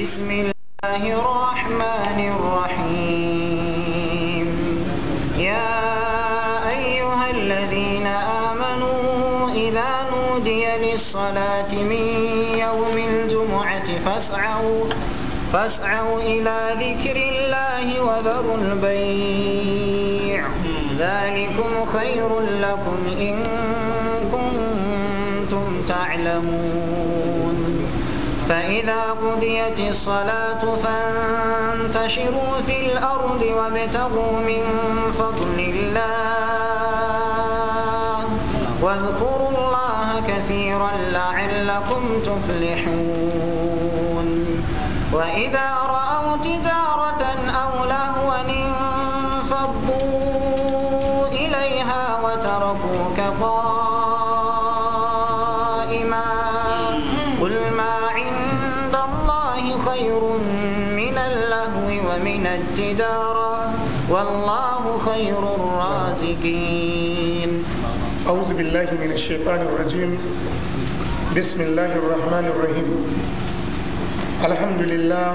بسم الله الرحمن الرحيم يا أيها الذين آمنوا إذا نودي للصلاة من يوم الجمعة فاسعوا فاسعوا إلى أقيمت الصلاة فانتشروا في الأرض وابتغوا من فضل الله واذكروا الله كثيرا لعلكم تفلحون وإذا والله خير الرازقين أعوذ بالله من الشيطان الرجيم بسم الله الرحمن الرحيم الحمد لله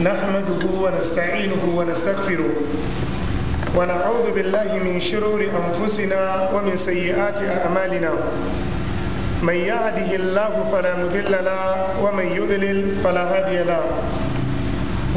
نحمده ونستعينه ونستغفره ونعوذ بالله من شرور أنفسنا ومن سيئات أعمالنا من يهده الله فلا مذل له ومن يذلل فلا هادي له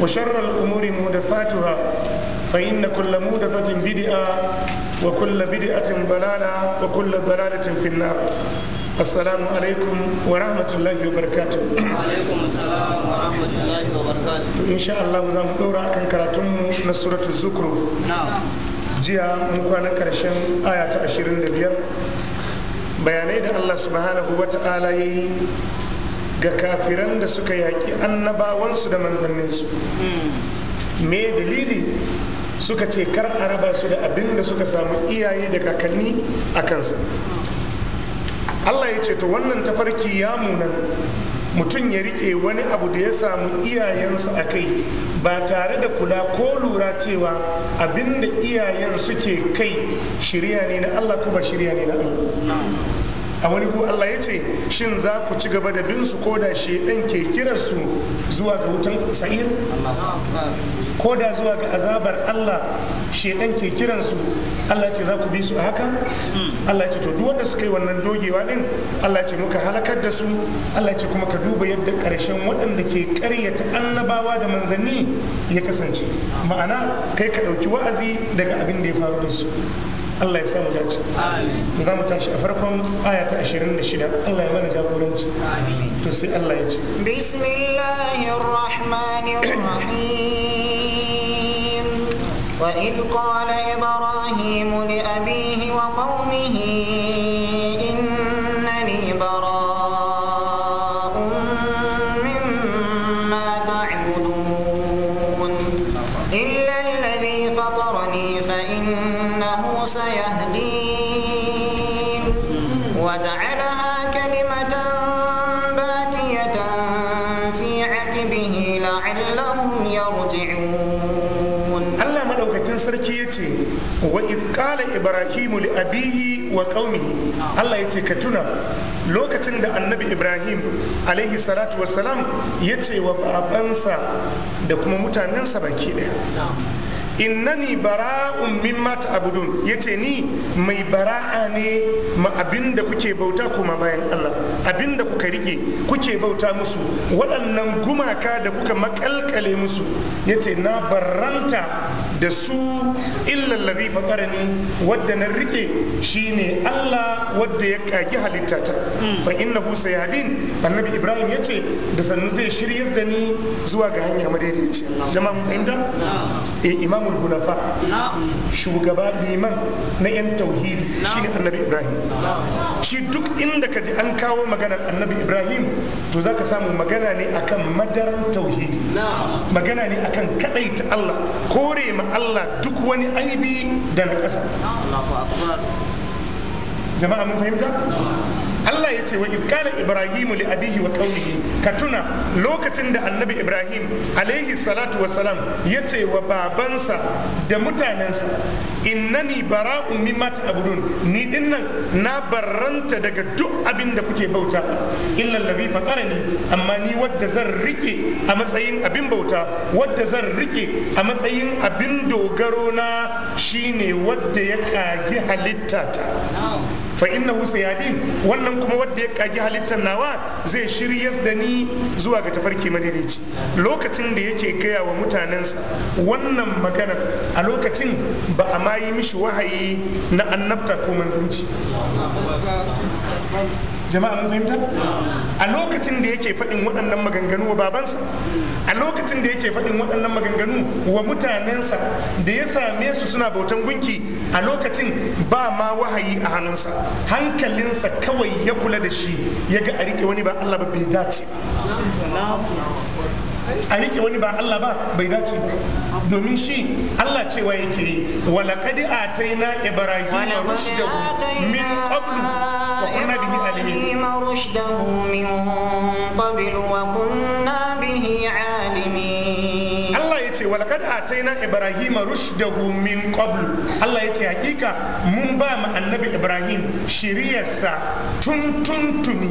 وشر الأمور محدثاتها فإن كل محدثة بدعة وكل بدعة ضلالة وكل ضلالة في النار السلام عليكم ورحمة الله وبركاته وعليكم السلام ورحمة الله وبركاته إن شاء الله زام دورا كان كراتم من سورة الزخرف نعم جيا مكوانا كرشن آية 25 bayanai da Allah subhanahu wa ta'ala ya yi ga kafiran da suka yaƙi annabawansu da manzanninsu me dalili suka ce kar a raba su da abin da suka samu iyaye da kakanni a kansa allah ya ce to wannan tafarki ya munan mutum ya riƙe wani abu da ya samu iyayensa a kai ba tare da kula ko lura cewa abin da iyayen suke kai shirya ne na allah ko ba shirya ne na allah a wani ko Allah ya ce shin za ku ci gaba da bin su ko da shi ɗan ke kiransu zuwa ga wutan sa'ir ko da zuwa ga azabar Allah shi ɗan ke kiransu Allah ce za ku bi su a haka Allah ce to duwanda suka yi wannan dogewa din Allah ce muka halakar da su Allah ce kuma ka duba yadda karshen waɗanda ke karyata annabawa da manzanni ya kasance ma'ana kai ka ɗauki wa'azi daga abin da ya faru da su الله يسامو آمين نظام تاشي أفركم آية عشرين نشيدة الله يمانا جابورنج آمين تسي الله يجي بسم الله الرحمن الرحيم وإذ قال إبراهيم لأبيه وقومه abiyi wa qaumihi Allah ce ka tuna lokacin da annabi Ibrahim alaihi salatu ya yace wa babansa da kuma mutanensa baki daya ni bara'un mimma ta'budun yace ni mai bara'a ne ma abinda kuke bauta kuma bayan Allah abinda kuka rike kuke bauta musu waɗannan gumaka da kuka makalkale musu yace na barranta da su illal faɗar ni wadda na rike ne Allah wadda ya kagi halitta ta fa innahu sayadin annabi Ibrahim ya ce da sannu zai shirye da ni zuwa ga hanya madaidaici jama'a mun fahimta e imamul hunafa shugaba liman na yan tauhidi shine annabi Ibrahim shi duk inda ka ji an kawo maganar annabi ibrahim to za ka samu magana ne akan madaran tauhidi magana ne akan ta allah kore ma allah duk wani aibi da na ƙasa jama'a mun fahimta Allah ya ce wa idkana Ibrahimu li abihi wa qaumihi ka tuna lokacin da annabi Ibrahim alaihi salatu wasalam ya ce wa babansa da mutanensa innani mata mata abudun ni dinnan na barranta daga duk abin da kuke bauta illa faƙara ne, amma ni wadda zan rike a matsayin abin bauta wadda zan rike a matsayin abin dogaro na shine wadda ya kagi halittata fa husa sayadin wannan kuma wanda ya kagi halittar nawa zai shiryas da ni zuwa ga tafarki madaidaici lokacin da yake gaya wa mutanensa wannan magana a lokacin ba a mayi mishi wahayi na annabta ko manzanci jama'a mun fahimta a lokacin da yake faɗin waɗannan maganganu wa babansa a lokacin da yake faɗin waɗannan maganganu wa mutanensa da ya same su suna bautan gunki a lokacin ba ma wahayi a hannunsa hankalinsa kawai ya kula da shi ya ga a riƙe wani ba Allah ba bai dace a riƙe wani ba Allah ba bai dace ba domin shi Allah cewa yake yi walakadi a ta yi na ibrahim rushdahu min qablu إبراهيم رشده من قبل وكنا laqad ataina ibrahima rushdahu min qablu Allah ce hakika mun ba mu annabi ibrahim shiriyarsa tun tun tuni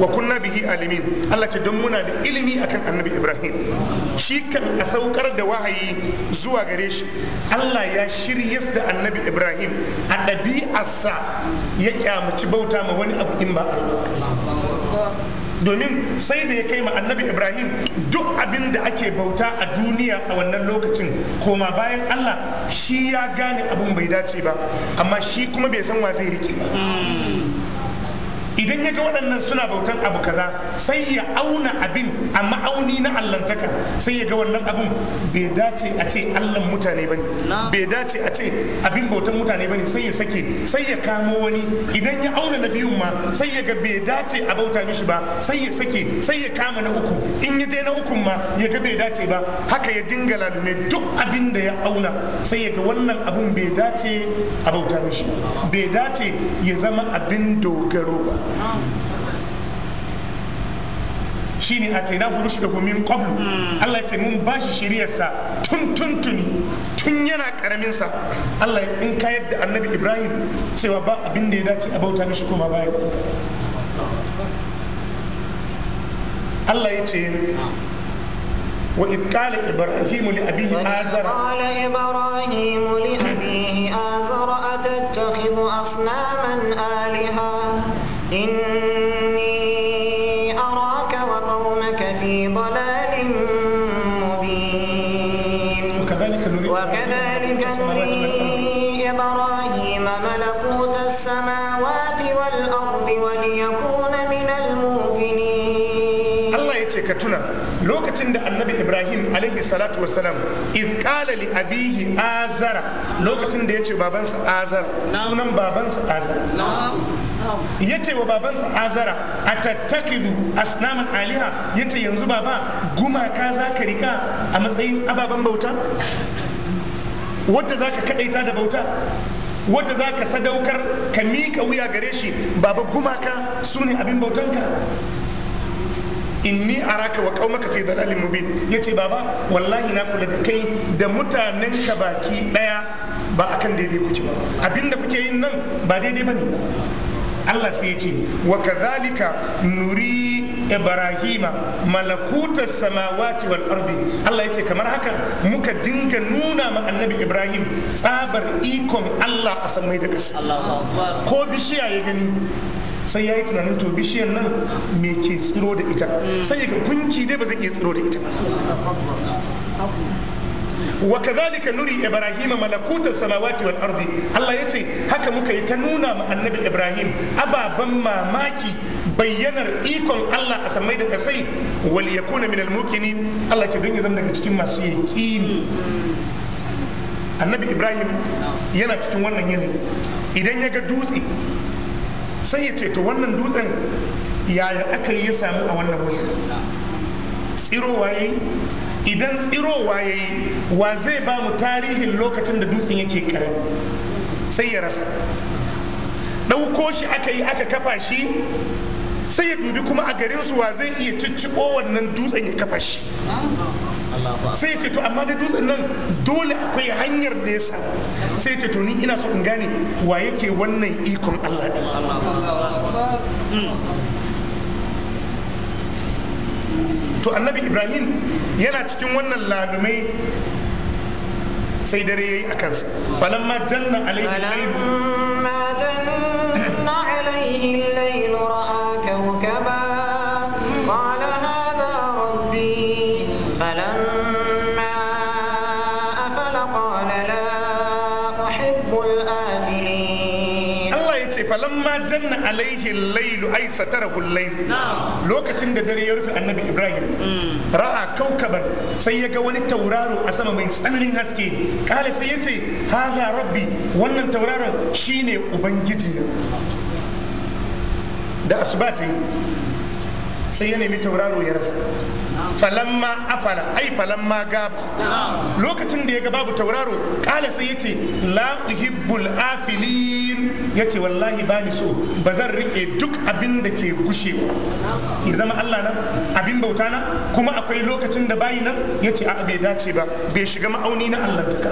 wa kunna bihi alimin Allah ce don muna da ilimi akan annabi ibrahim shi kan a saukar da wahayi zuwa gare shi Allah ya shiryas da annabi ibrahim a ɗabi'arsa ya kyamaci bauta ma wani abu in ba Allah domin sai da ya kai ma annabi ibrahim duk abin da ake bauta a duniya a wannan lokacin koma bayan allah shi ya gane abin bai dace ba amma shi kuma bai san wa zai rike ba hmm. idan ya ga waɗannan suna bautan abu kaza sai ya auna abin a ma'auni na allantaka sai ya ga wannan abin bai dace a ce allan mutane bane bai dace a ce abin bautan mutane bane sai ya sake sai ya kamo wani idan ya auna na biyun ma sai ya ga bai dace a bauta mishi ba sai ya sake sai ya kama na uku in ya je na uku ma ya ga bai dace ba haka ya dinga lalume duk abin da ya auna sai ya ga wannan abin bai dace a bauta mishi bai dace ya zama abin dogaro ba shine ataina da gumin qablu Allah ya ce mun bashi shiriyar sa tun tun tuni tun yana karamin sa Allah ya tsinka yadda Annabi Ibrahim cewa ba abin da ya dace a bauta mishi koma bayan Allah ya ce وإذ قال إبراهيم لأبيه آزر قال إبراهيم لأبيه آزر أتتخذ أصناما آلهة إني أراك وقومك في ضلال مبين وكذلك نري, وكذلك إبراهيم ملكوت السماوات والأرض وليكون من الموقنين الله يتكتنا لوكتن دا النبي إبراهيم عليه الصلاة والسلام إذ قال لأبيه آزر لوكتن دا يتشو بابانس آزر سونم بابانس آزر نعم, نعم. ya ce wa babansa azara a tattakidu asnaman aliha ya ce yanzu baba gumaka za ka rika a matsayin ababen bauta wadda za ka kaɗaita da bauta wadda za ka sadaukar ka miƙa wuya gare shi baba gumaka su ne abin bautanka inni araka wa kaumaka fi dalalin mubin yace baba wallahi na kula da kai da mutanen ka baki daya ba akan daidai kuke ba abinda kuke yin nan ba daidai bane ba Allah sai ce wa kadhalika nuri ibrahima malakuta samawati wal ardi Allah yace kamar haka muka dinga nuna ma annabi ibrahim tsabar ikon Allah a samai da ƙasa ko bishiya ya gani sai ya yi tunanin to bishiyar nan me ke tsiro da ita mm. sai ga gunki dai ba zai iya tsiro da ita ba wa kadhalika nuri ibrahima malakuta samawati wal ardi Allah ce haka muka yi ta nuna ma annabi ibrahim ababan mamaki bayyanar ikon Allah a samai da kasai wal yakuna min al muqinin Allah ce don ya zama daga cikin masu yaqini annabi ibrahim yana cikin wannan yini, idan ya ga dutse sai ya ce to wannan dutsen yaya aka yi ya samu a wannan wajen Tsiro waye? idan tsirowa ya yi wa zai ba mu tarihin lokacin da dutsen yake karami sai ya rasa ɗauko shi aka yi aka kafa shi sai ya dubi kuma a garin su wa zai iya cicciɓo wannan dutsen ya kafa shi sai ce to amma da dutsen nan dole akwai hanyar da ya samu sai ce to ni ina so in gane wa yake wannan ikon Allah din to annabi ibrahim yana cikin wannan lalumai sai dare yayi a kansa falamma janna janna alaihi al-layl janna alaihi lailu ai satarahu lailu lokacin da dare ya rufe annabi ibrahim hmm. ra'a kaukaban sai ya ga wani tauraro a sama mai tsananin haske kale sai ya ce haza rabbi wannan tauraron shine ubangiji na da asuba ta yi sai ya nemi tauraro ya rasa falamma afala ai falamma gaba lokacin da ya ga babu tauraro kala sai yace la uhibbul afilin yace wallahi bani so ba zan rike duk abin da ke gushe. ya zama Allah na abin bauta na kuma akwai lokacin da bayi nan yace a bai dace ba bai shiga ma'auni na Allah taka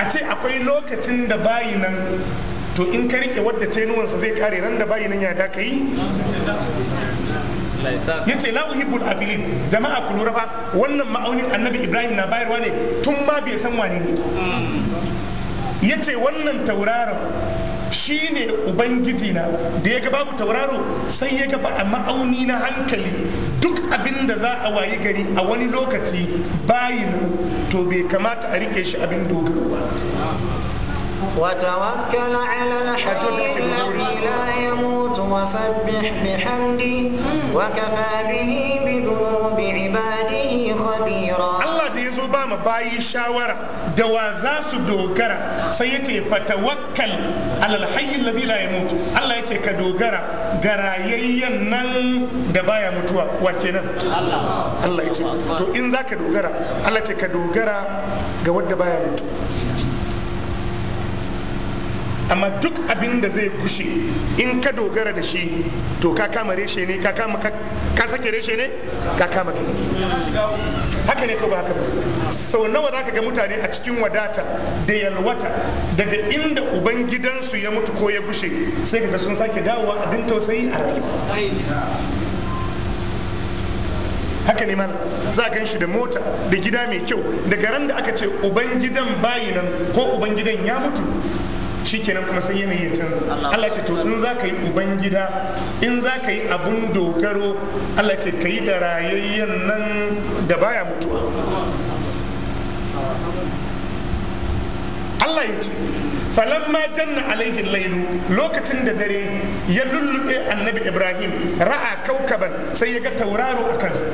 a ce akwai lokacin da bayi nan to in ka rike wadda tainuwansa zai kare ran da bayi nan ya da ya ce la uhibbul afilin jama'a ku lura wannan ma'aunin annabi ibrahim na bayarwa ne tun ma bai san wani ne ya ce wannan tauraron shi ne ubangiji na da ya ga babu tauraro sai ya gafa a ma'auni na hankali duk abin da za a wayi gari a wani lokaci bayi to bai kamata a rike shi abin dogaro ba وتوكل على الحي الذي لا يموت وسبح بحمده وكفى Allah da عباده خبيرا ba bayi shawara da wa za su dogara sai ya ce fatawakkal alalhayin ladi la mutu Allah ya ce ka dogara ga rayayyen nan da baya mutuwa wa kenan Allah ya ce to in za ka dogara Allah ya ce ka dogara ga wadda baya mutu amma duk abin da zai gushe in ka dogara da shi to ka kama reshe ne ka kama ka sake reshe ne ka kama kan haka ne ko ba haka ba sau nawa za ka ga mutane a cikin wadata da yalwata daga inda ubangidansu ya mutu ko ya gushe sai ka ga sun sake dawowa abin tausayi a rayuwa haka ne mana za gan shi da mota da gida mai kyau daga ran da aka ce ubangidan bayi nan ko ubangidan ya mutu shikenan kuma sai yanayi ya canza Allah ce to in za ka yi ubangida in za ka yi abun dogaro Allah ce ka yi da rayayyan nan da baya mutuwa Allah ya ce falamma janna alaihi lailu lokacin da dare ya lulluɓe annabi ibrahim ra'a kaukaban sai ya ga tauraro a kansa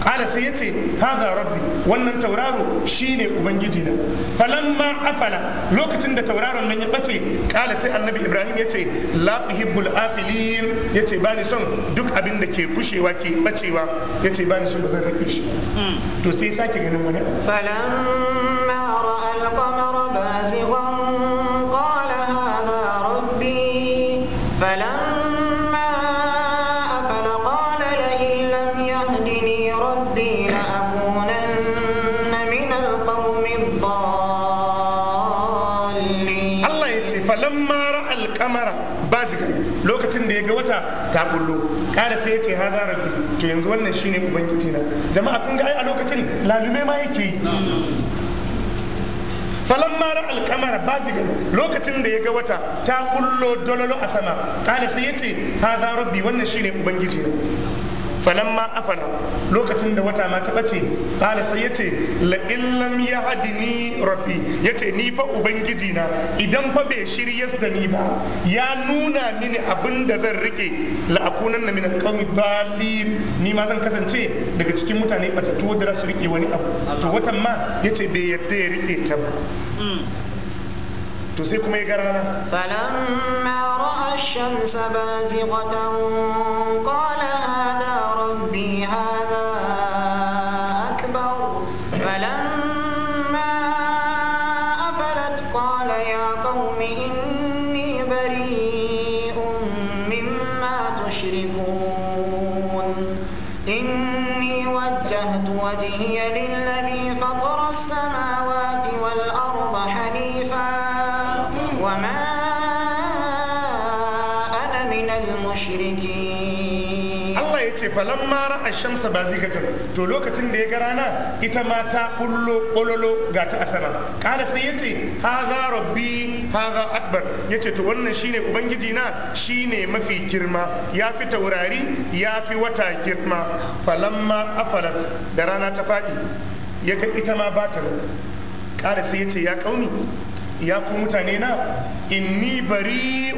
kala sai ya ce haza rabbi wannan tauraro shine ubangiji na falamma afala lokacin da tauraron nan ya bace kala sai annabi ibrahim ya ce la uhibbul afilin ya ce bani son duk abin da ke kushewa ke bacewa ya ce bani son ba zan rike shi hmm. to sai sake ganin wani falamma ra'a al-qamara bazighan qala hadha rabbi falamma ta bullo sai ya ce haza rabbi to yanzu wannan shine ubangiji na jama'a kun ga a lokacin lalume ma yake yi falamma ra alkamara bazigan lokacin da ya ga wata ta bullo dololo a sama kada sai ya ce haza rabbi wannan shine ubangiji na ma afala lokacin da wata ma ta bace qala sai yace la illam yahdini rabbi yace ni fa ubangiji na idan fa bai shirya da ni ba ya nuna mini abin da zan rike la akunan min alqawmi dalil ni ma zan kasance daga cikin mutane batattu da su rike wani abu to watan ma yace bai yadda ya rike ta ba to sai kuma ya ga rana falamma ra'a ash-shamsa bazighatan qala zai kacin to lokacin da ya ga rana ita ma ta bullo bololo ga ta asama kala sai yace haza rabbi haza akbar yace to wannan shine ubangiji na shine mafi girma ya fi taurari ya fi wata girma falamma afalat da rana ta faɗi ya ga ita ma ba kala sai yace ya kauni ya ku mutane na inni bari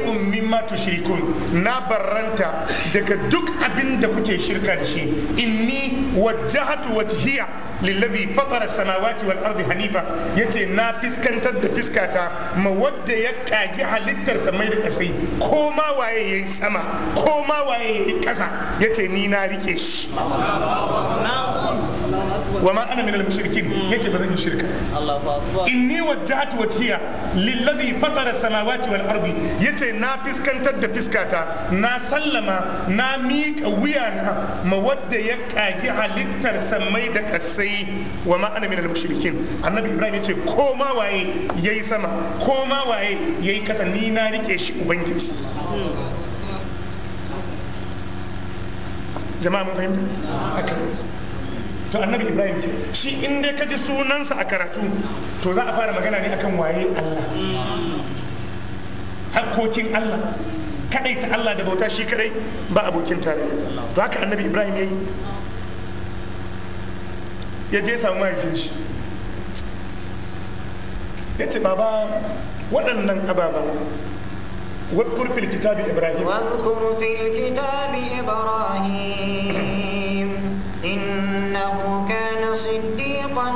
matu shirikun na barranta daga duk abin da kuke shirka da shi inni wajahatu wajhiya lillabi fatara samawati wal ardi hanifa Ya ce na fiskantar da fiskata ma wadda ya kagi halittar samai da kasai ko ma waye ya yi sama ko ma waye ya yi kasa yace ni na rike shi wa ma ana min al-mushrikin yace ba zan yi shirka inni wajjahtu wajhiya lilladhi fatara samawati wal ardi yace na fiskantar da fiskata na sallama na miƙa wuyana ma wadda ya kagi halittar samai da kasai wa ma ana min al-mushrikin annabi ibrahim yace ko ma waye yayi sama ko ma waye yayi kasa ni na rike shi ubangiji jama'a mun fahimta to annabi ibrahim ke shi in dai ka ji sunansa a karatu to za a fara magana ne akan waye allah hakkokin allah kadai ta allah da bauta shi kadai ba abokin tare to haka annabi ibrahim ya yi ya je samu mahaifin shi ya ce baba waɗannan ababa واذكر في الكتاب Ibrahim. واذكر في الكتاب إنه كان صديقا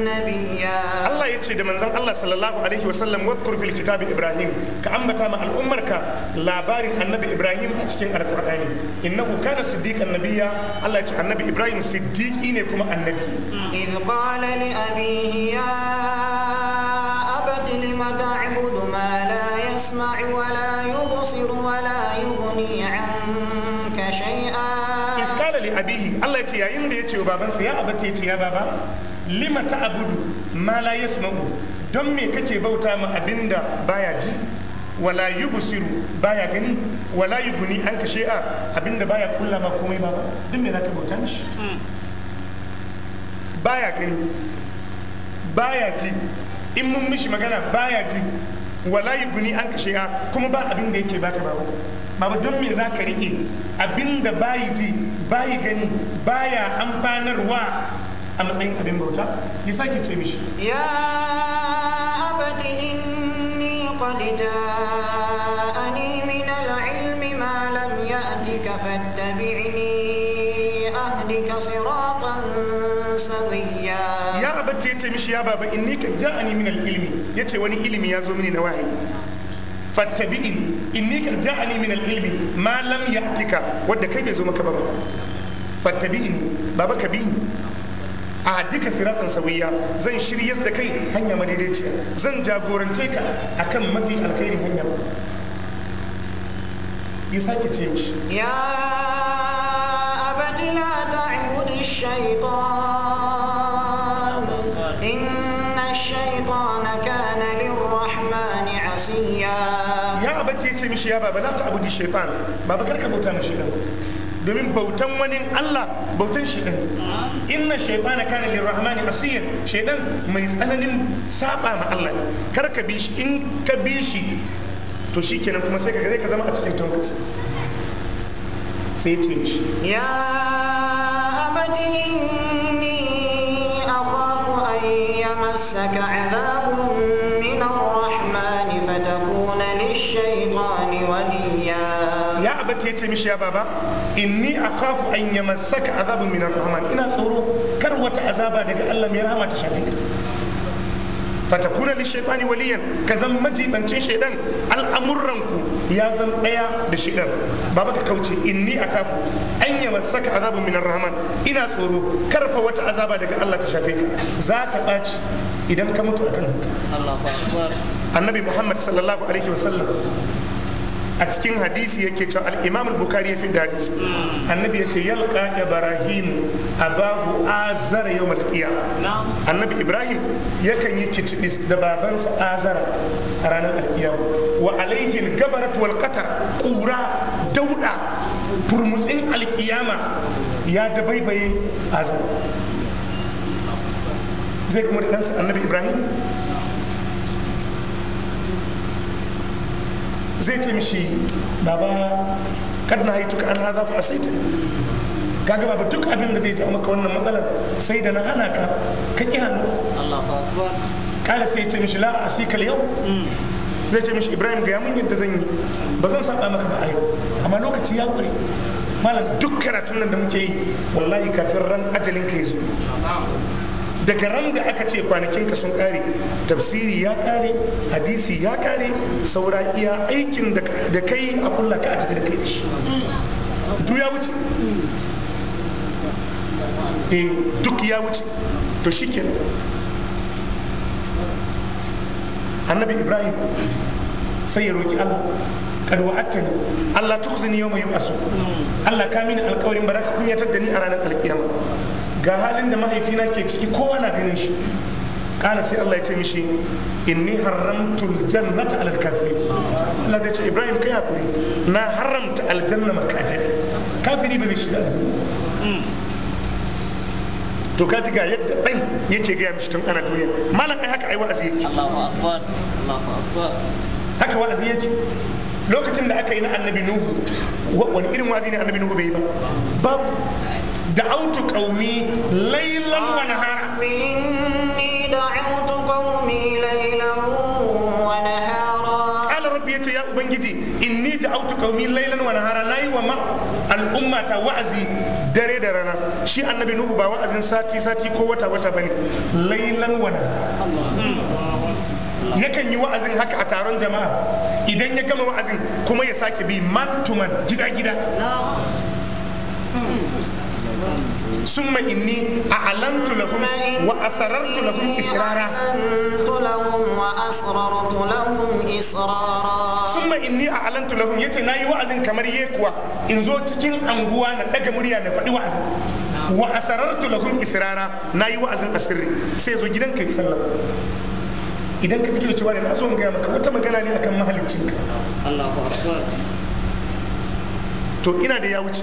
نبيا الله يتشي ده منزل الله صلى الله عليه وسلم واذكر في الكتاب إبراهيم كأمتا مع الأمر كلابار النبي إبراهيم أتكين على القرآن إنه كان صديقا نبيا الله يتشي النبي إبراهيم صديق إنكم النبي إذ قال لأبيه يا أبت لم تعبد ما لا يسمع ولا يبصر ولا babansa ya abata ya ce ya baba lima ta abudu ma la yasma'u don me kake bauta ma abinda baya ji wala yubsiru baya gani wala yuguni an kashe a abinda baya kulla ma komai baba don me zaka bauta mishi baya gani baya ji in mun mishi magana baya ji wala yuguni an kashe a kuma ba abin da yake baka baba baba don me zaka rike abinda bayi ji bayi gani baya amfanarwa a matsayin abin bauta ya sake ce mishi ya abati inni qad ja'ani min al-ilmi ma lam ya'tika fattabi'ni ahdika siratan sawiya ya abati ya ce mishi ya baba inni qad ja'ani min al-ilmi yace wani ilimi ya zo mini na wahayi fattabi'ini inni ka ja'ani min al-ilmi ma lam ya'tika wadda kai bai zo maka ba fattabi'ini baba ka bi a duka siratan sawiya zan shirya da kai hanya madaidaiciya zan jagorance ka akan mafi alkhairin hanya ya sake ce mishi ya abati la ta'budu shaytan zuciya ba ba la ta abudu shaitan ba ba karka bauta ma shaitan domin bautan wani Allah bautan shaitan inna shaitana kana lirrahmani asiyan shaitan mai tsananin saba ma Allah ne karka bi shi in ka bi shi to shikenan kuma sai ka zai ka zama a cikin tawakkas sai ya ce mishi ya abati inni akhafu an yamassaka adhabun min ya ce mishi ya baba inni akhafu an yamassaka azabun minar rahman ina tsoro kar wata azaba daga Allah mai rahama ta shafi fatakuna li shaitani waliyan ka zan majibancin shaidan al'amuranku ya zan ɗaya da shaidan baba ka kauce inni akafu an yi masaka azabun minar rahman ina tsoro kar fa wata azaba daga Allah ta shafe ka za ta ɓaci idan ka mutu akan annabi muhammad sallallahu alaihi wasallam a cikin hadisi yake cewa al-imam al-bukhari ya fi da annabi yace yalqa ibrahim abahu azara yawm al annabi ibrahim yakan yi kicibis da babansa azara a ranar al-qiyamah wa alayhi al-gabarat wal qatar qura dauda furmutsin al-qiyama ya dabaibaye azara zai kuma da ɗansa annabi ibrahim zai ce mishi ba ba kad na tuka an hada fa asaita kaga ba duk abin da zai a maka wannan matsalar sai da na hana ka ka ki hannu kala sai ce mishi la asikal yau mm. zai ce mishi ibrahim ga mun yadda zan yi ba zan saba maka ba a yau amma lokaci ya ƙure malam duk karatun nan da muke yi wallahi kafin ran ajalin ka ya zo daga ran da aka ce kwanakinka sun kare tafsiri ya kare hadisi ya kare saura iya aikin da kai a kulla ka a tafi da kai shi duk ya wuce eh duk ya wuce to ke annabi ibrahim sai ya roƙi allah kad wa'attani allah mai yawma yub'asu allah ka mini alƙawarin ba za ka kunyatar da ni a ranar alƙiyama ga halin da mahaifina ke ciki kowa na ganin shi kana sai Allah ya ce mishi inni haramtu aljannata alal kafiri. Allah zai ce Ibrahim kai hakuri na haramta aljanna ma kafiri kafiri ba zai shiga to ka ji ga yadda ɗan yake gaya mishi tun ana duniya malam ai haka ai wa'azi yake Allahu akbar Allahu akbar haka wa'azi yake lokacin da aka yi na annabi nuhu wani irin wazi ne annabi nuhu bai yi ba babu da'autu kaumi laylan wa nahara inni da'autu kaumi laylan wa nahara qala rabbi yace ya ubangiji inni da'autu kaumi laylan wa nahara nayi wa ma al'umma ta wa'azi dare da rana shi annabi nuhu ba wa'azin sati sati ko wata wata bane laylan wa nahara yakan yi wa'azin haka a taron jama'a idan ya gama wa'azin kuma ya sake bi man to man gida gida summa inni a'lamtu lahum wa asrartu lahum israra summa inni a'lamtu lahum yace nayi wa'azin kamar ye kuwa in zo cikin anguwa na daga murya na faɗi wa'azin wa asrartu lahum israra nayi wa'azin asirri sai zo gidanka ya sallama idan ka fito cewa ne na zo gaya maka wata magana ne akan mahaliccinka to ina da ya wuce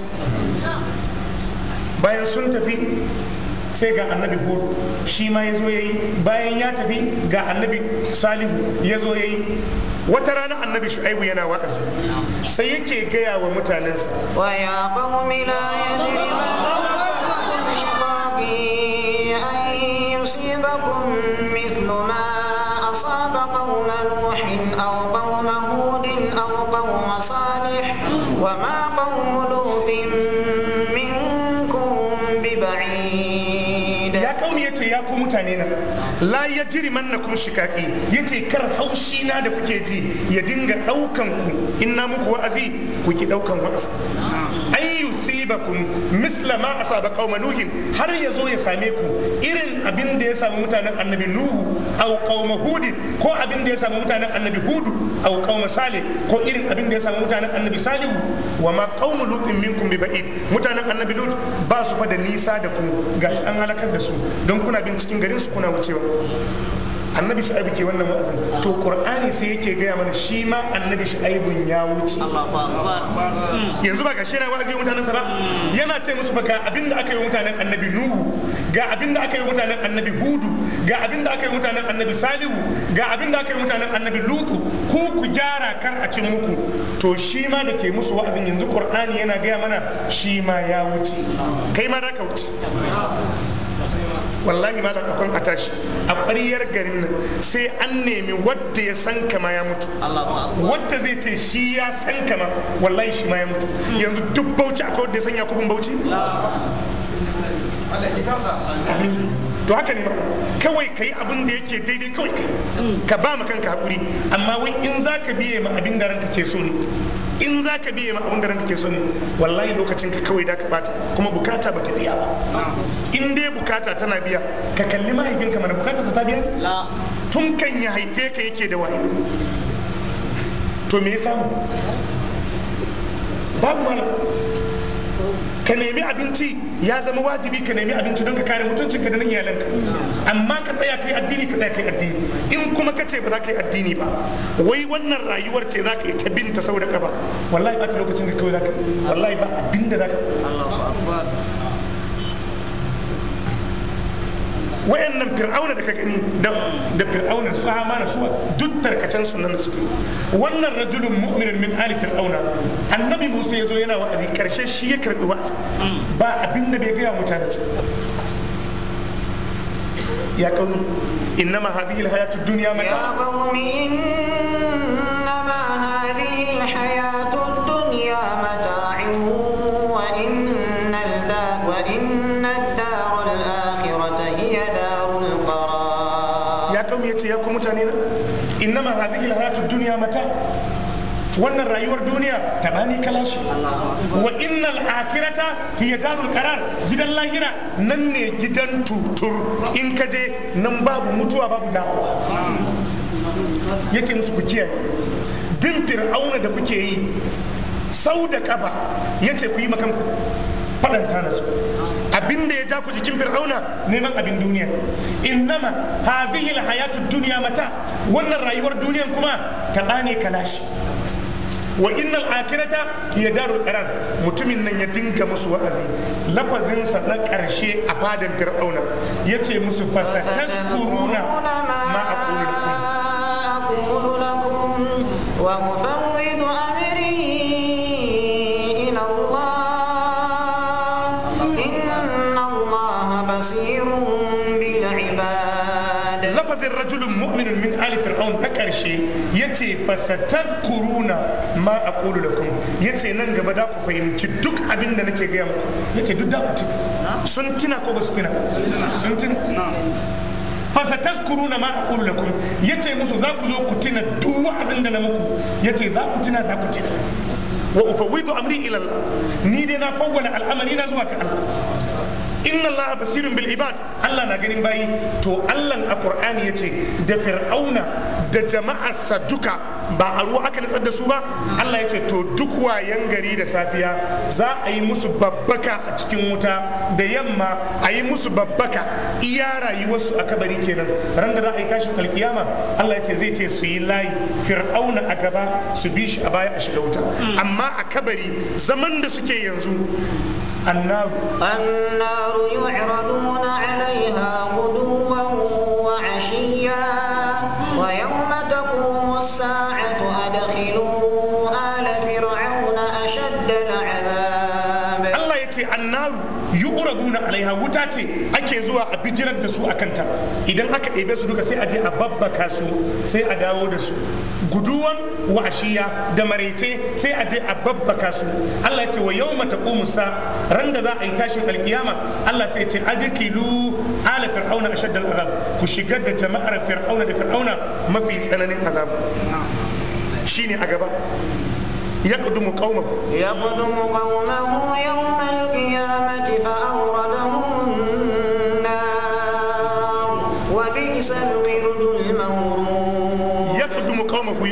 bayan sun tafi sai ga annabi hudu shi ma ya zo ya yi bayan ya tafi ga annabi salihu ya zo ya yi wata rana annabi shu'aibu yana wa'azi sai yake gaya wa mutanensa wa ya la la ya jiri manna kuma shikaki ya ce kar haushi na da kuke ji ya dinga ɗaukan ku in na muku wa'azi ku ki ɗaukan wa'azi yusibakum misla ma asaba qauma nuhin har ya zo ya same ku irin abin da ya samu mutanen annabi nuhu aw qauma hud ko abin da ya samu mutanen annabi hudu aw qauma salih ko irin abin da ya samu mutanen annabi salihu wa ma qaumu lutin minkum bi ba'id mutanen annabi lut ba su fa da nisa da ku gashi an halakar da su don kuna bin cikin garin su kuna wucewa annabi shu'aibu ke wannan wa'azin to qur'ani sai yake gaya mana shi ma annabi Shu'aibu ya wuce yanzu ba gashi yana wa'azi mutanen sa ba yana ce musu ba ga abinda aka yi mutanen annabi nuhu ga abinda aka yi mutanen annabi hudu ga abinda aka yi mutanen annabi salihu ga abinda aka yi mutanen annabi lutu ku ku gyara kar a cin muku to shi ma da ke musu wa'azin yanzu qur'ani yana gaya mana shi ma ya wuce kai ma da ka wuce wallahi malam akwai a tashi a ƙwariyar garin nan sai an nemi wadda ya san kama ya mutu wadda zai ce shi ya san kama wallahi shi ma ya mutu hmm. yanzu duk bauchi akwai wadda ya sanya kubin bauchi amin to haka ne ba kawai ka yi abin da yake daidai kawai ka hmm. ka ba ma kanka haƙuri amma wai in za ka biye ma abin da ranka ke so ne in za ka biye ma abin da ranka ke so ne wallahi lokacin ka kawai da ka bata kuma bukata ba ta biya ba in dai bukata tana biya ka kalli mahaifinka mana bukatarsa ta biya tun kan ya haife ka yake da wayo to me ya samu babu mana ka nemi abinci ya zama wajibi ka nemi abinci don ka kare mutuncin ka da nan ka amma ka tsaya kai addini ka tsaya kai addini in kuma ka ce ba za ka yi addini ba wai wannan rayuwar ce za ka yi ta binta sau da ba wallahi ba ta lokacin ka kawai za ka yi wallahi ba abinda za ka Wayan nan fir'auna da ka gani da fir'auna su amana su duk tarkacen su nan suke wannan rajulun mu'minin min ali fir'auna annabi musa ya zo yana wa'azi karshe shi ya karbi wa'azi ba abin da bai gaya mutane su ya kauni innama hadhihi alhayatu dunya mata ya qaumi innama hadhihi alhayatu duniya mata wannan rayuwar duniya ta bani kalashi wa innal akirata hiya darul karar gidan lahira nan ne gidan tutur in ka nan babu mutuwa babu dawowa yace musu ku kiyaye bin fir'auna da kuke yi sau da kaba yace ku yi makanku faɗanta na su abin da ya ja ku jikin fir'auna neman abin duniya innama hazihi hayatu duniya mata wannan rayuwar duniyan kuma ta ɗane kalashi wa innal akirata ya darul qarar mutumin nan ya dinga musu wa'azi lafazinsa na karshe a fadan fir'auna ya ce musu fasatazkuruna ma aqulu lakum wa kuruna ma a da kuma. Ya ce nan gaba da ku fahimci duk abin da nake gaya muku ce duk da ku tuna sun tuna ko ba su tuna sun tuna fasatazkuruna ma kuma. Ya ce musu za ku zo ku tuna duwa abin da na muku ce za ku tuna za ku tuna wa ufawwidu amri ila Allah ni dai na fawwala al'amari na zuwa ga Allah inna Allah basirun bil ibad Allah na ganin bayi to Allah a Qur'ani yace da fir'auna da jama'arsa saduka ba a ruwa aka nutsar da su ba Allah ya ce to duk wayan gari da safiya za a yi musu babbaka a cikin wuta da yamma a yi musu babbaka iya rayuwarsu a kabari kenan ran da za a yi tashin alkiyama Allah ya ce zai ce su yi layi fir'auna a gaba su bi shi a baya a shiga wuta amma a kabari zaman da suke yanzu النار النار يعرضون عليها غدوا وعشيا zuwa a bijirar da su a kanta idan aka ɗebe su duka sai a je a babbaka su sai a dawo da su guduwan wa'ashiya da maraice sai a je a babbaka su Allah ya ce wa yau mata sa ran da za a yi tashin alkiyama Allah sai ce adkilu ala fir'auna ashaddal azab ku shigar da jama'ar fir'auna da fir'auna mafi tsananin azab shine a gaba يقدم قومه يقدم قومه يوم القيامة فأوردهم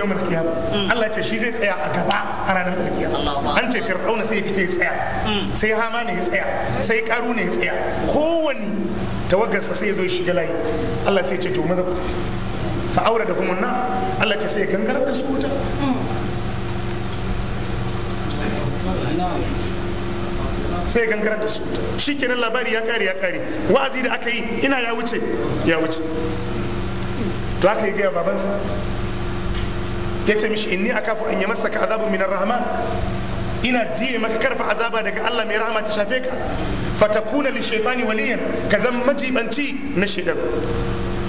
yau malkiyama mm. Allah ce shi zai tsaya a gaba a ranar malkiyama an ce fir'auna sai ya fita ya tsaya mm. sai hama ne ya tsaya sai karu ne ya tsaya kowane tawagarsa sai ya zo ya shiga layi Allah sai ya ce to maza ku tafi fa aure da kuma Allah ce sai ya gangarar da su wuta sai gangarar da su wuta shi kenan labari ya kare ya kare wa'azi da aka yi ina ya wuce ya wuce to aka yi gaya babansa ya ce mishi inni akafu an yamassaka azabun minar rahman ina jiye maka karfa azaba daga Allah mai rahama ta shafe ka fatakuna li shaytani waliyan ka zan majibanci na shaidan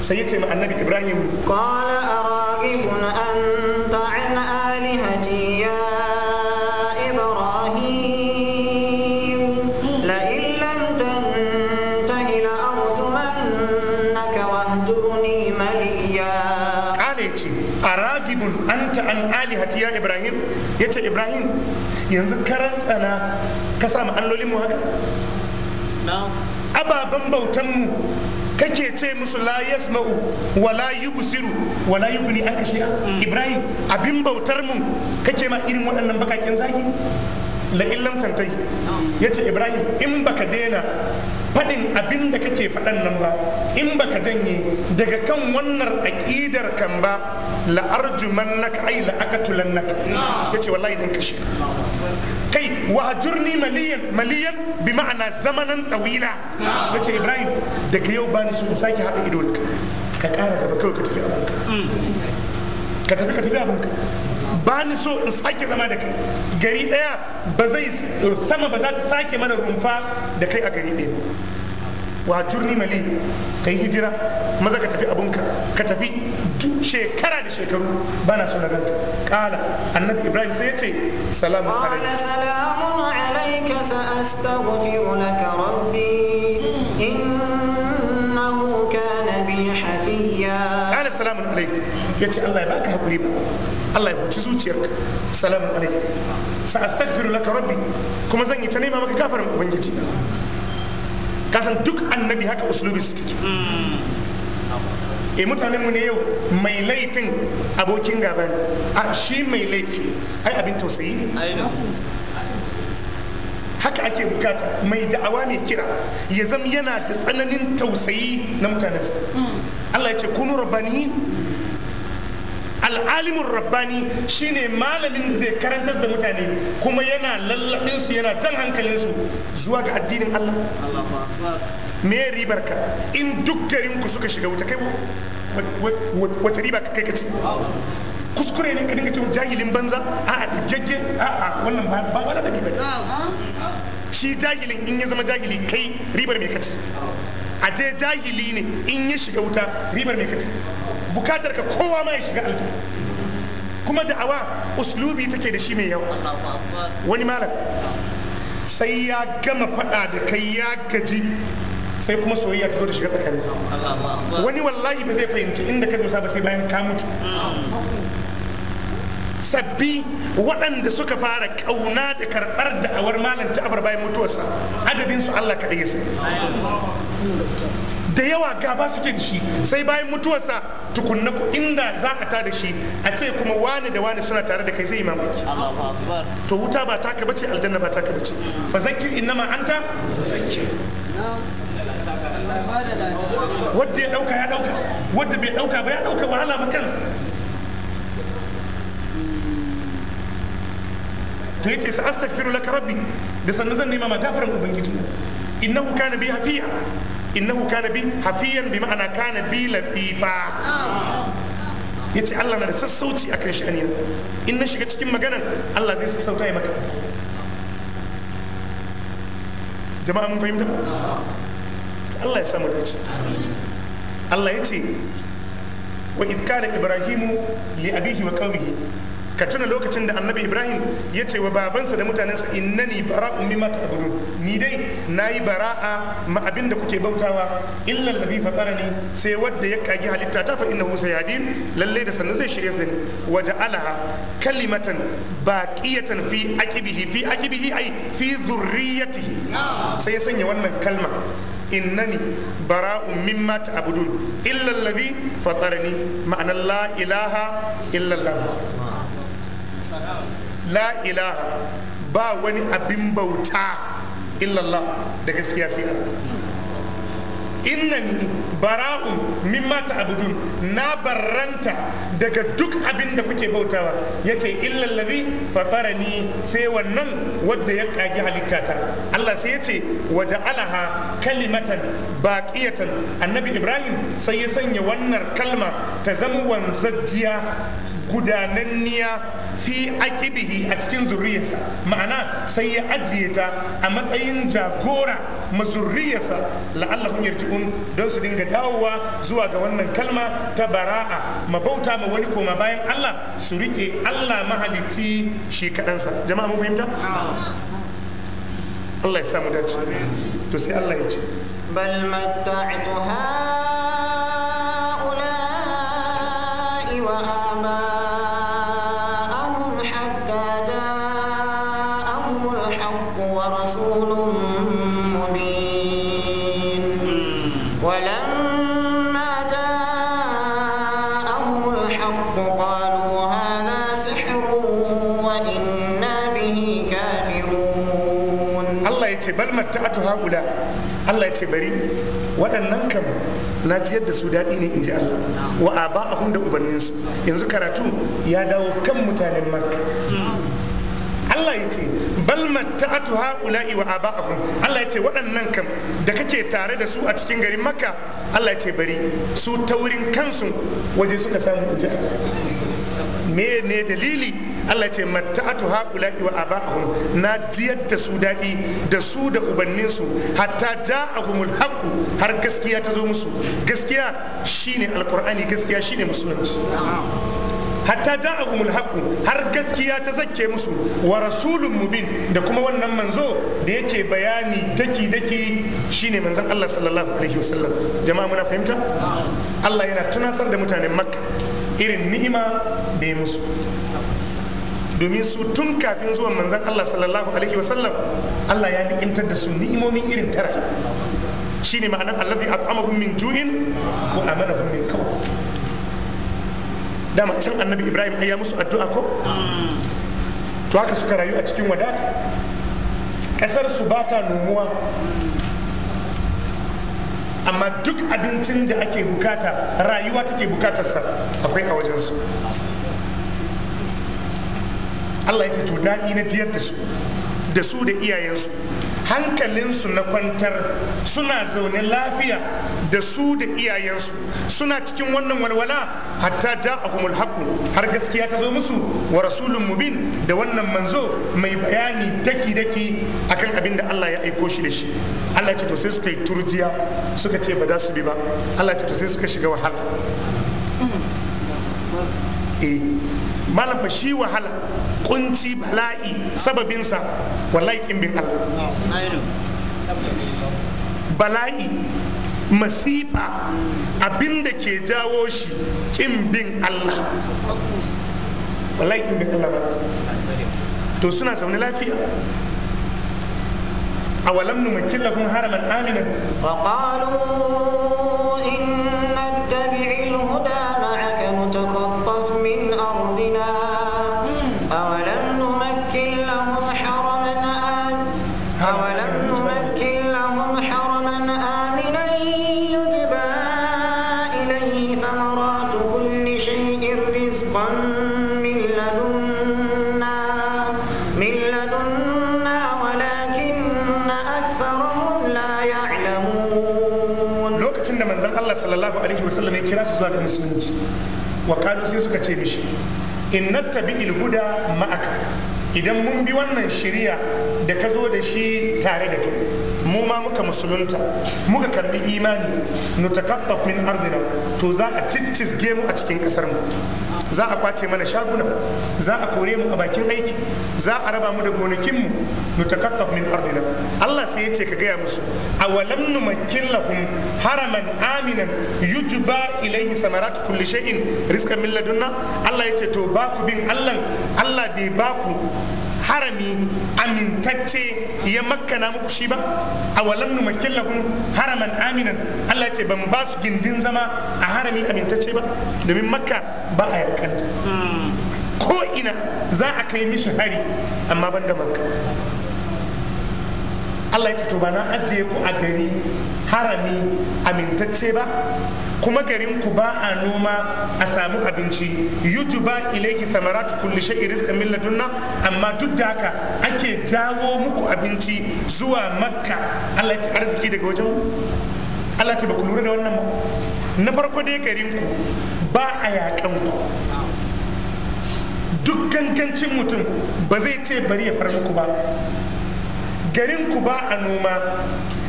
sai ya ce ma annabi Ibrahim qala aragibun anta ibrahim yanzu karan tsana ka samu mu haka ababen mu kake ce musu la yasma'u wa la yubsiru wa la yubni an kashiya mm. ibrahim abin bautar mu kake ma irin waɗannan bakakin zaki la illam tantai yace ibrahim in baka daina faɗin abin da kake faɗan nan ba in baka janye daga kan wannan aƙidar kan ba la'arjuman naka ai la'akatulan naka ya ce wallahi dan kashe kai wahajurni maliyan maliyan bi ma'ana zamanan ɗawila ya ce ibrahim daga yau bani so in sake haɗa ido da ka ka ƙara gaba kawai ka tafi abinka ka tafi ka tafi abinka bani so in sake zama da kai gari ɗaya ba zai sama ba za ta sake mana rumfa da kai a gari ɗaya wa turni mali ka yi hijira maza ka tafi abunka ka tafi duk shekara da shekaru bana so na ganka kala annabi ibrahim sai ya ce salamu alaika salamun alaika sa astaghfiru laka rabbi innahu kana bi hafiya kala salamun alaika yace Allah ya baka hakuri ba Allah ya wuce zuciyarka salamu alaikum sa astaghfiru laka rabbi kuma zan yi ta nema maka gafarin ubangiji na kasan duk annabi haka uslubi su take e mutanen mu ne yau mai laifin abokin gaba ne a shi mai laifi ai abin tausayi ne haka ake bukata mai da'awa ne kira ya zama yana da tsananin tausayi na mutanensa Allah ya ce kunu rabbani al'alimin rabbani shine malamin da zai karantar da mutane kuma yana lallabin su yana jan hankalin su zuwa ga addinin Allah me ribar ka in duk garin ku suka shiga wuta kai wata riba ka kai ka ci kuskure ne ka dinga cewa jahilin banza a a dibgegge a a wannan ba ba da dabi bane shi jahilin in ya zama jahili kai ribar me kaci. a je jahili ne in ya shiga wuta ribar me kaci. bukatar ka kowa ma ya shiga aljanna kuma da'awa uslubi take da shi mai yawa wani malam sai ya gama faɗa da kai ya gaji sai kuma soyayya ta zo da shiga tsakani wani wallahi ba zai fahimci inda ka dosa ba sai bayan ka mutu sabbi waɗanda suka fara ƙauna da karɓar da'awar malam ta'abar bayan mutuwarsa adadinsu Allah kaɗai ya sai da yawa gaba suke da shi sai bayan mutuwarsa tukunna inda za a ta da shi a ce kuma wani da wani suna tare da kai zai mamaki to wuta ba ka bace aljanna ba ka bace fa zakir innama anta zakir wadda ya dauka ya dauka wadda bai dauka ba ya dauka wahala ma kansa to yace sa astaghfiru laka rabbi da sannan zan nema ma gafaran ubangiji innahu kana bi hafiya innahu kana bi hafiyan bi ma'ana kana bi latifa ya ce Allah na da sassauci akan sha'ani in na shiga cikin maganan Allah zai sassauta ya maka jama'a mun fahimta Allah ya samu dace Allah ya ce wa idh kana ibrahimu li abihi wa qaumihi ka tuna lokacin da annabi ibrahim ya ce wa babansa da mutanensa innani bara'u mimma ta'budun ni dai nayi bara'a ma abin da kuke bautawa illa allazi fatarani sai wadda ya kagi halitta ta fa innahu sayadin lalle da sannu zai shirye da ni wa ja'alaha kalimatan baqiyatan fi aqibihi fi aqibihi ai fi dhurriyyatihi sai ya sanya wannan kalma innani bara'un mimma ta'budun illa allazi fatarani ma'ana la ilaha illa allah la ilaha ba wani abin bauta illallah da gaskiya sai Allah innani bara'un mimma ta'budun na barranta daga duk abin da kuke bautawa yace illal ladhi fatarani sai wannan wanda ya kagi halittata Allah sai yace waja'alaha kalimatan baqiyatan annabi Ibrahim sai ya sanya wannan kalma ta zama wanzajjiya gudananniya fi aqibihi a cikin zurriyarsa ma'ana sai ya ajiye ta a matsayin jagora ma zurriyarsa yarci un don su dinga dawowa zuwa ga wannan kalma ta bara'a ma bauta ma wani koma bayan Allah su rike Allah mahalicci shi kaɗansa jama'a mun fahimta Allah ya samu dace to sai Allah ya ce bal matta'tu haula Allah ya ce bari waɗannan kam na ji yadda su daɗi ne in ji Allah wa a ba da ubanninsu yanzu karatu ya dawo kan mutanen makka Allah ya ce bal matta'atu ha'ula'i wa aba'ahum Allah ya ce waɗannan kam da kake tare da su a cikin garin makka Allah ya ce bari su taurin kansu waje suka samu inji me ne dalili Allah ce matta'atu haula'i wa aba'ahum na jiyar da su daɗi da su da ubannin su hatta ja'ahumul haqqu har gaskiya ta zo musu gaskiya shine alqur'ani gaskiya shine musulunci hatta ja'ahumul haqqu har gaskiya ta zakke musu wa rasulun mubin da kuma wannan manzo da yake bayani daki daki shine manzon Allah sallallahu alaihi wasallam jama'a muna fahimta Allah yana tunasar da mutanen Makka irin ni'ima da ya musu domin su tun kafin zuwan manzan Allah sallallahu alaihi wasallam Allah ya ni'imtar da su ni'imomin irin tara shine ma'anar allazi at'amahum min ju'in wa amanahum min khawf dama can annabi Ibrahim ai ya musu addu'a ko to haka suka rayu a cikin wadata kasar su bata nomuwa amma duk abincin da ake bukata rayuwa take bukatarsa akwai a wajensu Allah ya ce to daɗi na jiyar da su da su da iyayensu hankalinsu na kwantar suna zaune lafiya da su da iyayensu suna cikin wannan walwala hatta ja a haqqu har gaskiya ta zo musu wa rasulun mubin da wannan manzo mai bayani daki daki akan abin da Allah ya aiko shi da shi Allah ya ce to sai suka yi turjiya suka ce ba za su bi ba Allah ya ce to sai suka shiga wahala eh malam fa shi wahala kunci bala'i sababinsa wallahi bin Allah bala'i masifa abinda ke jawo shi bin Allah wallahi bin Allah ba to suna zaune lafiya أولم نمكن لكم هرما آمنا وقالوا إن نتبع الهدى sallallahu alaihi wasallam ya kira su zuwa ga musulunci wa kalu sai suka ce mishi in nattabi'il huda ma'aka idan mun bi wannan shiriya da ka zo da shi tare da kai mu ma muka musulunta muka karbi imani nutakattaf min ardina to za a ciccisge mu a cikin kasar mu za a kwace mana shaguna za a kore mu a bakin aiki za a raba mu da gonakin mu nutakattaf min ardina Allah sai ya ce ka gaya musu awalam numakkin lahum haraman aminan yujba ilayhi samarat kulli shay'in rizqan min ladunna Allah ya ce to ba ku bin Allah Allah bai ba ku harami amintacce ya makkana muku shi ba a walam nu makillahum haraman aminan Allah ce ban ba su gindin zama a harami amintacce ba domin makka ba a yakanta ko ina za a kai mishi hari amma ban da makka Allah ya ce to ba na ajiye ku a gari harami amintacce ba kuma garin ku ba a noma a samu abinci yujuba ilaiki thamarat kulli shay'in rizqan min ladunna amma duk da haka ake jawo muku abinci zuwa makka Allah ya ci arziki daga wajen Allah ce ba ku lura da wannan ba na farko dai garin ku ba a yakan ku duk gangancin mutum ba zai ce bari ya fara muku ba garin ku ba a noma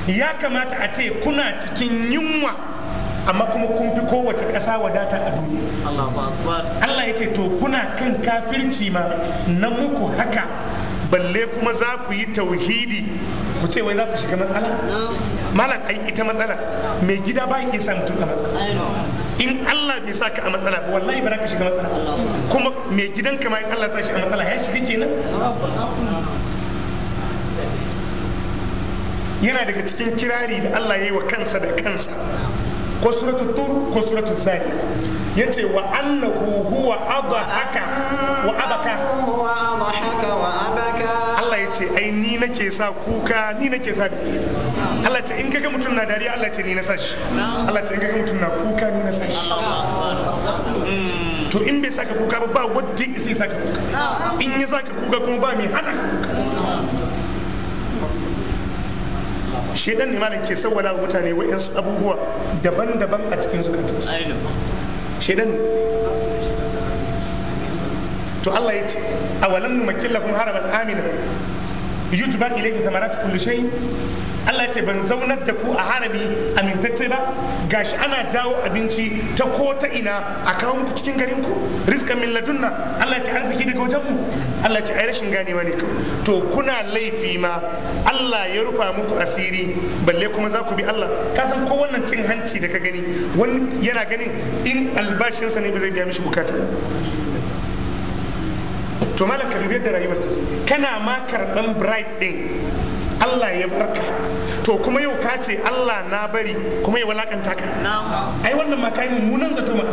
ya kamata a ce kuna cikin yunwa amma kuma kun fi kowace ƙasa wadata a duniya Allah ya ce to kuna kan kafirci ma na muku haka balle kuma za ku yi tauhidi ku ce wai za ku shiga matsala malam ai ita matsala mai gida ba ya mutum a matsala in Allah bai sa ka a matsala ba wallahi ba ka shiga matsala kuma mai gidan ka ma in Allah za shi a matsala ya shiga kenan yana daga cikin kirari da Allah ya yi wa kansa da kansa ko suratu tur ko zani zari ce wa annahu huwa adha haka, wa abaka Allah ce ai ni nake sa kuka ni nake sa dariya Allah ce in kaga mutum na dariya Allah ce ni na sa shi Allah ce in kaga mutum na kuka ni na sa shi to in bai saka kuka ba ba wadda sai saka kuka in ya saka kuka kuma ba mai hana kuka shedan ne malam ke sawwala wa mutane wa'yansu abubuwa daban-daban a cikin zukatansu shedan ne to Allah ya ce a walam numakkin lakum haraman amina yujba ilayhi thamarat kulli shay Allah ce ban zaunar da ku a harami amintacce ba ga shi ana jawo abinci ta ko ta ina a kawo muku cikin garin ku Rizkan min ladunna Allah ce arziki daga wajen ku. Allah ce ai rashin ganewa ne to kuna laifi ma Allah ya rufa muku asiri balle kuma za ku bi Allah ka san ko wannan cin hanci da ka gani wani yana ganin in albashinsa ne ba zai biya mishi bukata to malaka ka da rayuwar kana ma karban bright din Allah ya barka to kuma yau ka ce Allah na bari kuma ya walakanta ka ai wannan ma kai munan zato ma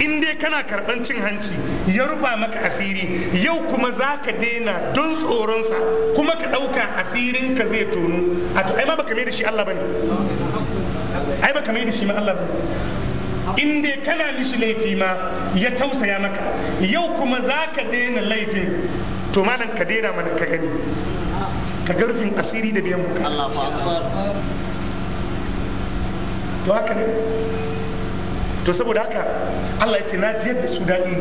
in dai kana karban cin hanci ya rufa maka asiri yau kuma za ka daina don tsoronsa kuma ka ɗauka asirin ka zai tono. a to ai ma baka mai da shi Allah bane ai baka mai da shi ma Allah bane in dai kana mishi laifi ma ya tausaya maka yau kuma za ka daina laifin to malam ka daina mana ka gani daga rufin asiri da biyan bukatu to haka ne to saboda haka Allah ya ce na jiyar da su daɗi ne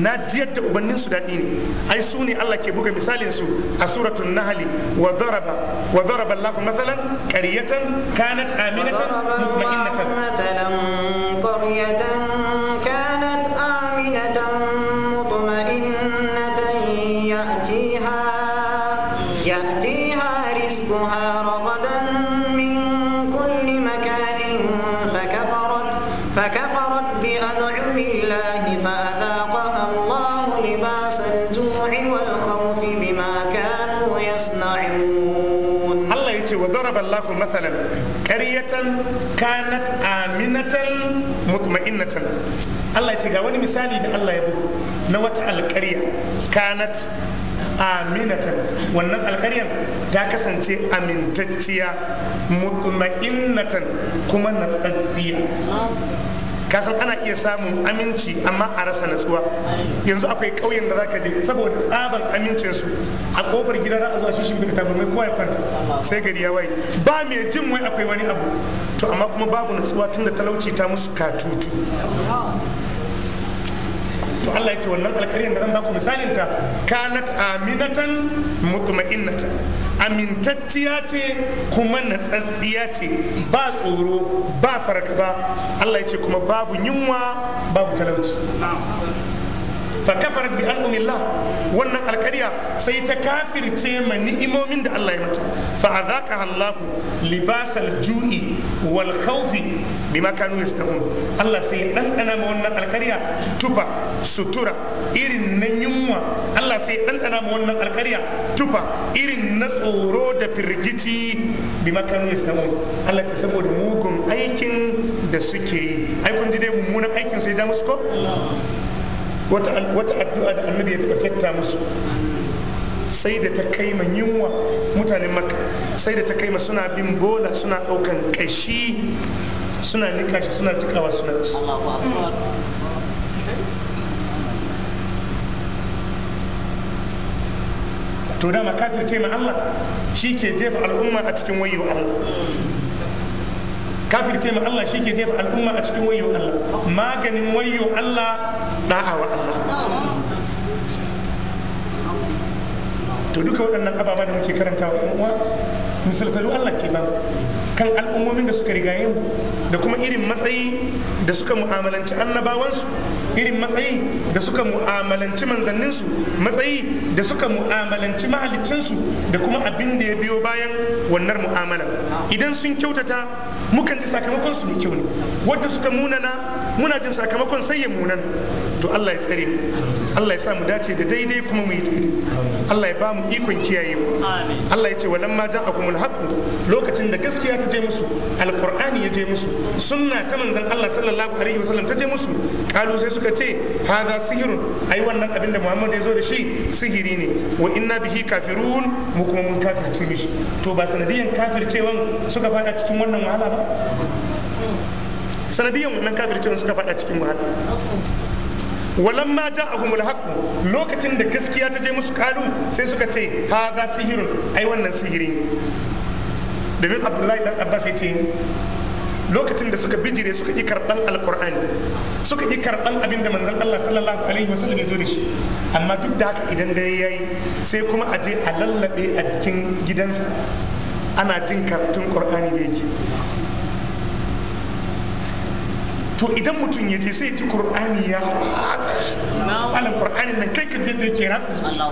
na jiyar da ubannin su daɗi ne ai su ne Allah ke buga misalin su a suratul nahli wa daraba wa daraba Allah mathalan qaryatan kanat aminatan mutma'innatan qaryatan kanat aminatan mutma'innatan Allah ya ce ga wani misali da Allah ya buku na wata alƙarya kanat aminatan wannan alƙaryan ta kasance amintacciya mutma'innatan kuma natsatsiya kasan ana iya samun aminci amma a rasa natsuwa yanzu akwai ƙauyen da zaka je saboda tsaban amincin su a kofar gida za a zuwa shi shimfiɗa tabarmai kowa ya kwanta sai gari ya waye ba mai jin wai akwai wani abu to amma kuma babu natsuwa da talauci ta musu katutu to Allah ya ce wannan alƙaryar da zan baku misalin ta kanat aminatan mutma'innatan amintacciya ce kuma natsatsiya ce ba tsoro ba fargaba Allah ya ce kuma babu yunwa babu talauci fa kafarat bi al'umillah wannan alkariya sai ta kafirce ma ni'imomin da Allah ya mata fa adhaqaha allahu libasal ju'i wal khawfi bima kanu un. Allah sai ya dandana ma wannan alkariya tufa sutura irin na yunwa Allah sai ya dandana ma wannan alkariya tufa irin na tsoro da firgici bima kanu un. Allah ta saboda mugun aikin da suke yi ai kun ji dai mummunan aikin sai ja musu ko wata addu'a da annabi ya taɓa fetta musu sai da ta kai ma yunwa mutanen maka sai da ta kai ma suna bin bola suna ɗaukan ƙashi, suna nika shi suna tikawa suna ci to dama kafirce ma Allah shi ke jefa al'umma a cikin wayo Allah kafirce ma Allah shi ke jefa al'umma a cikin wayo Allah maganin wayo Allah da'a wa Allah to duka waɗannan ababa da muke karantawa yan uwa misalsalu Allah ke ba kan al'ummomin da suka rigaye mu da kuma irin matsayi da suka mu'amalanci annabawansu irin matsayi da suka mu'amalanci manzanninsu matsayi da suka mu'amalanci mahalicinsu da kuma abin da ya biyo bayan wannan mu'amala idan sun kyautata mukan ji sakamakon su mai kyau ne wadda suka munana muna jin sakamakon sai ya munana to Allah ya tsare mu Allah ya sa mu dace da daidai kuma mu yi daidai Allah ya ba mu ikon kiyaye mu Allah ya ce walamma ja'akumul haqqu lokacin da gaskiya ta je musu alqur'ani ya je musu sunna ta manzon Allah sallallahu alaihi wasallam ta je musu kalu sai suka ce hada sihirun ai wannan abin da Muhammad ya zo da shi sihiri ne wa inna bihi kafirun mu kuma mun kafirce mishi to ba sanadiyan kafircewan suka fada cikin wannan wahala ba sanadiyan wannan kafircewan suka fada cikin wahala Walan ma walamma ja'ahumul haqq lokacin da gaskiya ta je musu kalu sai suka ce ha ga sihirun ai wannan sihiri, domin abdullahi dan abbas ya ce lokacin da suka bijire suka ƙi karɓan alƙur'ani suka ƙi karɓan abin da manzon Allah sallallahu alaihi wasallam ya zo da shi amma duk da haka idan dare yayi sai kuma a je a lallabe a jikin gidansa ana jin karatun ƙur'ani da yake to idan mutum ya je sai ji qur'ani ya ratsa shi malam qur'anin nan kai ka je da yake ratsa zuciya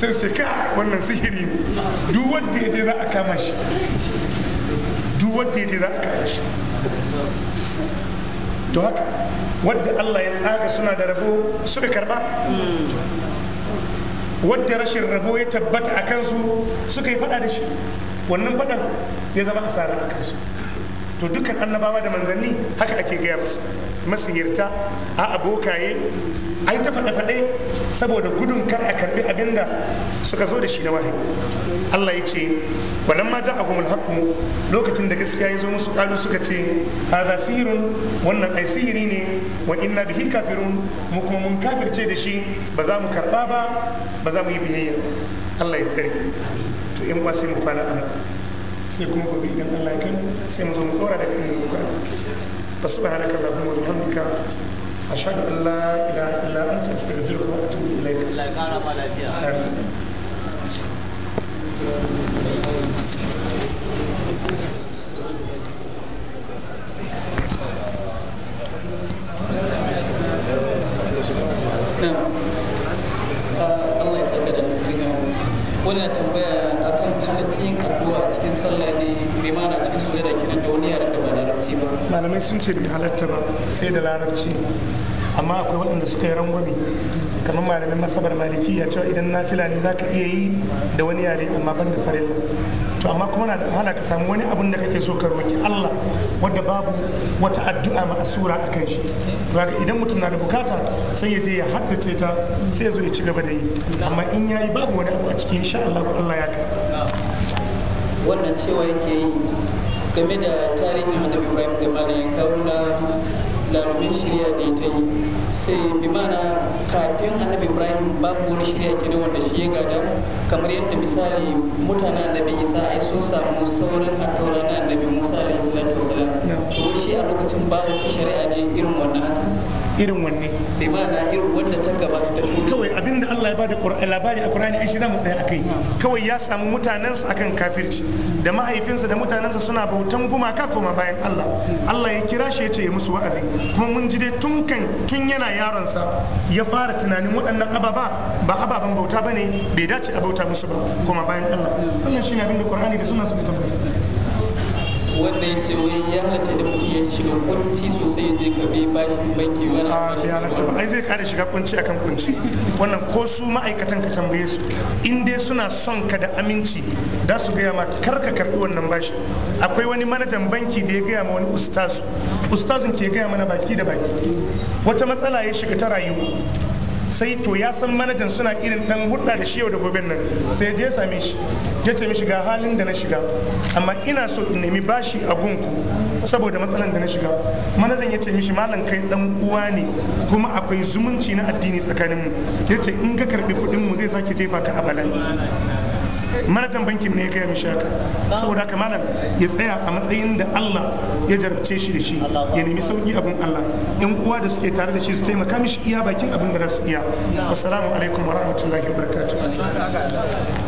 sai su ka wannan sihiri ne duk wanda ya je za a kama shi duk wanda ya je za a kama shi to haka wadda Allah ya tsaga suna da rabo suka karba wadda rashin rabo ya tabbata a kansu suka yi fada da shi wannan fadan ya zama asara a kansu to dukkan annabawa da manzanni haka ake gaya musu masiyarta a abokaye a yi ta faɗe-faɗe saboda gudun kar a karɓi abin da suka zo da shi na wahayi Allah ya ce walan ma a gumul haqqu lokacin da gaskiya ya zo musu kalu suka ce hadha sihirun wannan ai sihiri ne wa inna bihi kafirun mu kuma mun kafirce da shi ba za mu karba ba ba za mu yi biyayya Allah ya tsare to in ba sai mu kwana anan sai kuma gobe idan Allah ya kai sai mu zo mu dora daga inda muka fa subhanaka allahumma wa bihamdika ashhadu an la ilaha illa anta astaghfiruka wa atubu ilaik Allah ya kara ma lafiya wannan tambaya shi da wani yaran da ba malamai sun ce bai halatta ba sai da larabci amma akwai waɗanda suka yi rangwami, kamar malamin masabar maliki ya cewa idan na fila ne za ka iya yi da wani yare amma ban da farilla to amma kuma na da hala ka samu wani abin da kake so ka roki Allah wadda babu wata addu'a ma asura a kan shi to idan mutum na da bukata sai ya je ya haddace ta sai ya zo ya ci gaba da yi amma in ya yi babu wani abu a cikin insha Allah Allah ya kai wannan cewa yake yi game da tarihin annabi ibrahim da mana ya kawo na larumin shirya da ya yi sai bi mana kafin annabi ibrahim babu wani shirya ke wanda shi ya gada kamar yadda misali mutanen annabi isa ai sun samu sauran attaura na annabi musa alaihi salatu wasalam to shi a lokacin babu ta shari'a ne irin wannan irin wanne limana irin wanda ta gabata ta kawai abin da Allah ya bada labari a Qur'ani ai shi zamu tsaya akai kawai ya samu mutanensa akan kafirci da mahaifinsa da mutanensa suna bautan gumaka koma bayan Allah Allah ya kira shi ya ce ya musu wa'azi kuma mun ji dai tun kan tun yana yaronsa ya fara tunanin waɗannan ababa ba ababen bauta bane bai dace a bauta musu ba koma bayan Allah wannan shine abin Qur'ani da sunna suka tabbata wannan yace wai ya halatta da mutum ya shiga kunci sosai ya je ka bai bashi banki wani a ah, bai halatta ba ai zai kare shiga kunci akan kunci wannan ko su ma'aikatan ka tambaye su in dai suna son ka da aminci da su gaya ma kar ka karbi wannan bashi akwai wani manajan banki da ya gaya ma wani ustazu ustazun ke gaya mana baki da baki wata matsala ya shiga ta rayuwa sai to ya san manajan suna irin dan hudda da shi yau da gobe nan sai je same shi ya ce mishi halin da na shiga amma ina so in nemi bashi a gunku saboda matsalan da na shiga manajan ya ce mishi malam kai dan uwa ne kuma akwai zumunci na addini tsakaninmu ya ce in ka karbi kuɗin mu zai sake jefa ka a bala'i manajan bankin ne ya gaya mishi haka saboda haka malam ya tsaya a matsayin da Allah ya jarabce shi da shi ya nemi sauki abin Allah yan uwa da suke tare da shi su taimaka mishi iya bakin abin da za su iya assalamu alaikum wa rahmatullahi wa barakatuh